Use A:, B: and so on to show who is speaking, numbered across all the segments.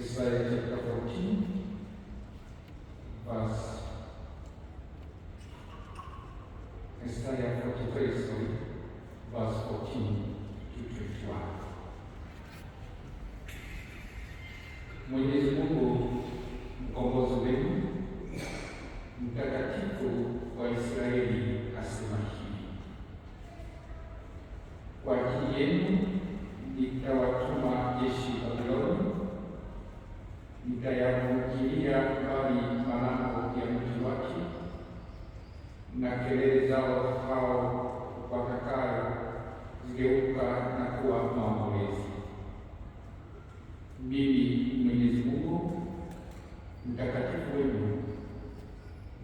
A: Isso aí né? aqui na kelele zao hao watakayo zigeuka na kuwa maombolezi. Mimi Mwenyezi Mungu mtakatifu wenu,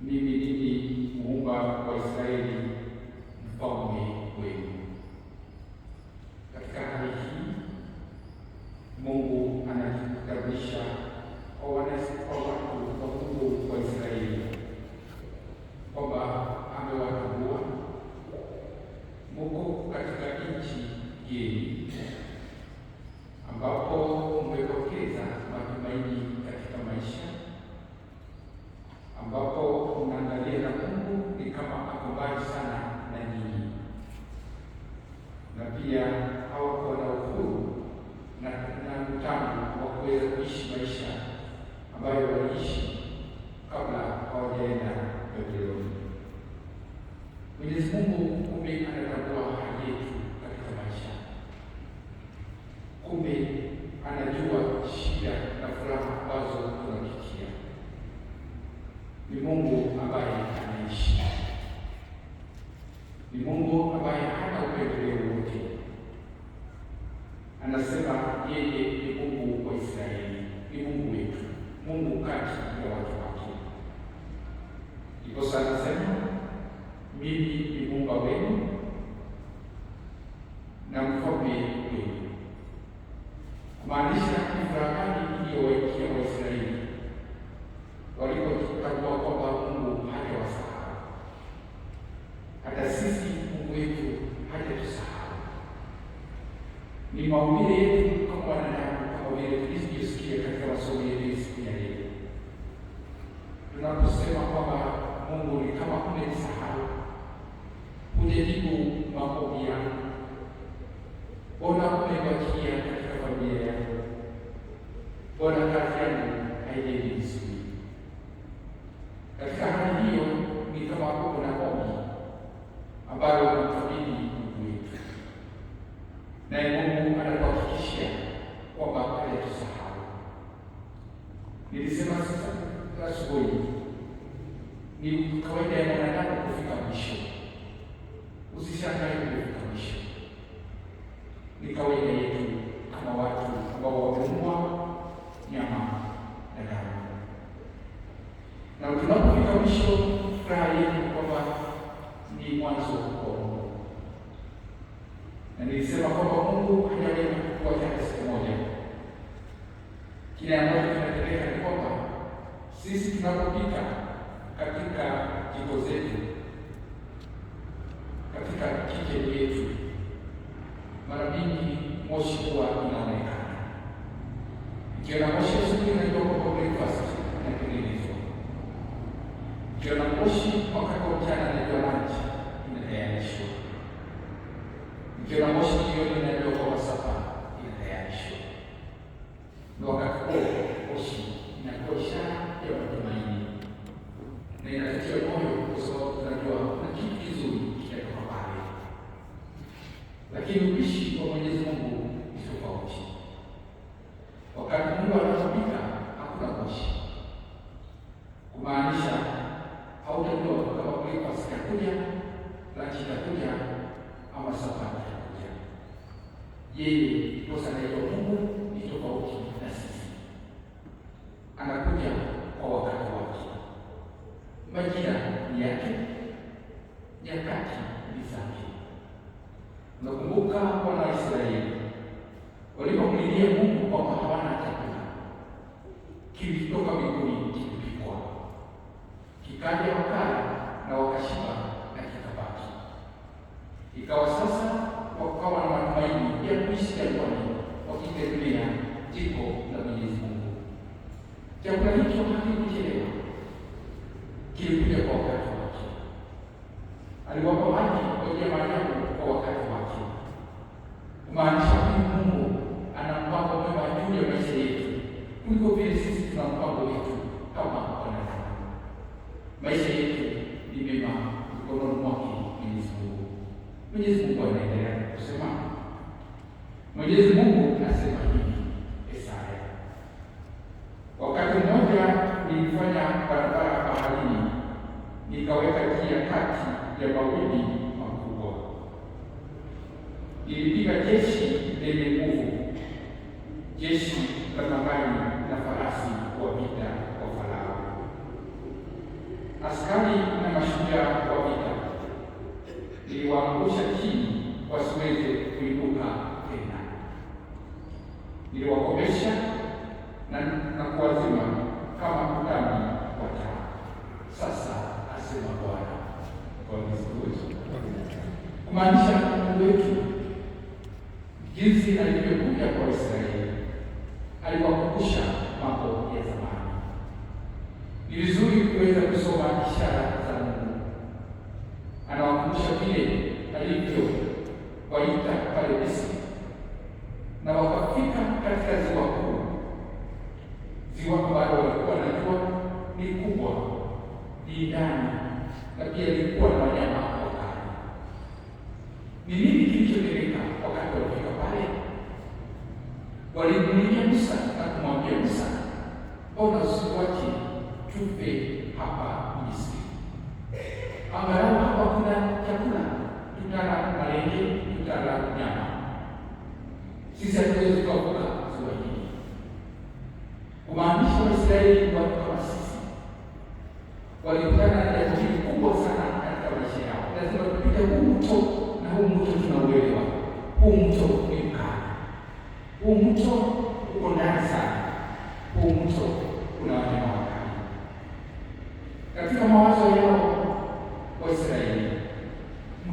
A: mimi ndimi muumba wa Israeli, mfalme maumbile yetu kwa wanadamu kama vile tulivyosikia katika masomo yetu ya leo, tunaposema kwamba Mungu ni kama humenisahau, hujajibu maombi yangu, mbona umebakia katika familia yangu, mbona kazi yangu haijaenda vizuri? Katika hali hiyo ni kama kuna ombi ambayo inakabidi naye Mungu anatuhakikishia kwamba hajatusahau. Nilisema sasa asubuhi, ni kawaida ya mwanadamu kufika mwisho. Usishangae kufika mwisho, ni kawaida yetu kama watu ambao wameumbwa nyama na damu, na tunapofika mwisho, furaha yetu kwamba ni mwanzo wa nilisema kwamba Mungu hana neema kubwa hata siku moja. Kile ambacho kinatendeka ni kwamba sisi tunapopita katika jiko zetu, katika kike yetu, mara nyingi moshi huwa inaonekana. Ikiona moshi asubuhi inaitwa kwamba breakfast inatengenezwa. Ikiona moshi wakati wa mchana kwa njia yake nyakati zake. Nakumbuka wana Israeli walipomlilia Mungu kwamba hawana chakula, kilitoka mbinguni kilipikwa, kikaja wakala na wakashiba na kikabaki. Ikawa sasa wakawa na matumaini ya kuishi jangwani wakitegemea jiko la Mwenyezi Mungu. Chakula hicho hakikuchelewa relação ao outro calmar o coração. Mas ele de Bimá, o coronou aqui em Lisboa. O Lisboa ele, ideia O seu mar. O Lisboa nasceu aqui, essa área. Wakati mmoja nilifanya barabara baharini, nikaweka njia kati ya mawimbi makubwa. Nilipiga jeshi lenye nguvu askari na mashujaa wa vita, niliwaangusha chini wasiweze kuibuka tena, niliwakomesha na, na kuwazima kama utami wa taa. Sasa asema Bwana kumaanisha Mungu wetu jinsi alivyokuja kwa Israeli, aliwakumbusha mambo ya zamani 你终于快点说完一下！hapa Misri. Angalau hapa kuna chakula, tutala malenge, tutala nyama. Sisi hatuwezi kuvuka ziwa hili. Kumaanisha Waisraeli ni watu kama sisi, walikutana na tatizo kubwa sana katika maisha yao. Lazima tupite huu mto, na huu mto tunauelewa. Huu mto ni mkali, huu mto uko ndani sana, huu mto una wanyama katika mawazo yao Waisraeli,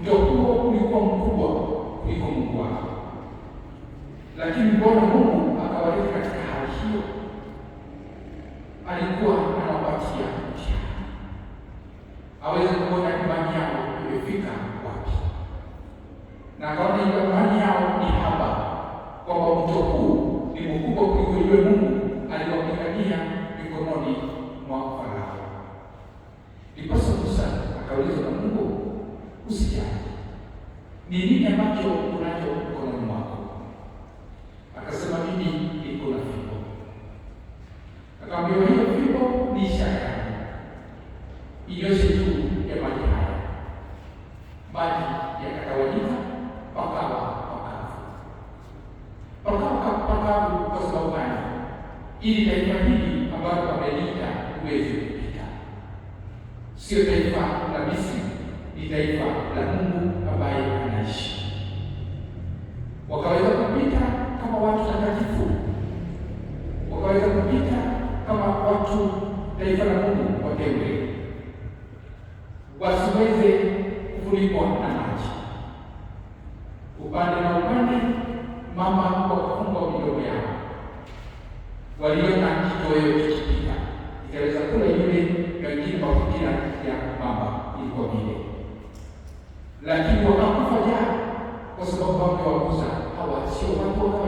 A: mto huo ulikuwa mkubwa kuliko Mungu wao, lakini Bwana Mungu akawaleta katika hali hiyo. Alikuwa anawapatia mtihani aweze kuona imani yao imefika wapi, na akaona imani yao ni haba, kwamba mto huu ni mkubwa kuliko yule Mungu aliwapigania mikononi ni nini ambacho unacho mkononi mwako? Akasema, mimi niko na fimbo. Akamwambia, hiyo fimbo ni ishara yangu inyoshe juu ya maji haya. Maji yakatawanyika wakawa wakavu, wakawa wakavu kwa sababu gani? Ili taifa hili ambalo wamelita uweze kupita, sio taifa la Misri, ni taifa la Mungu ambaye taifa la Mungu wateule wasiweze kufunikwa na maji upande na upande, mama kwa kufunga midomo yao, walio na kitoweo kikipika ikaweza kula yule wengine mafikira ya mama ilikuwa vile, lakini wakakufa jana kwa sababu wake wakuza hawa sio watu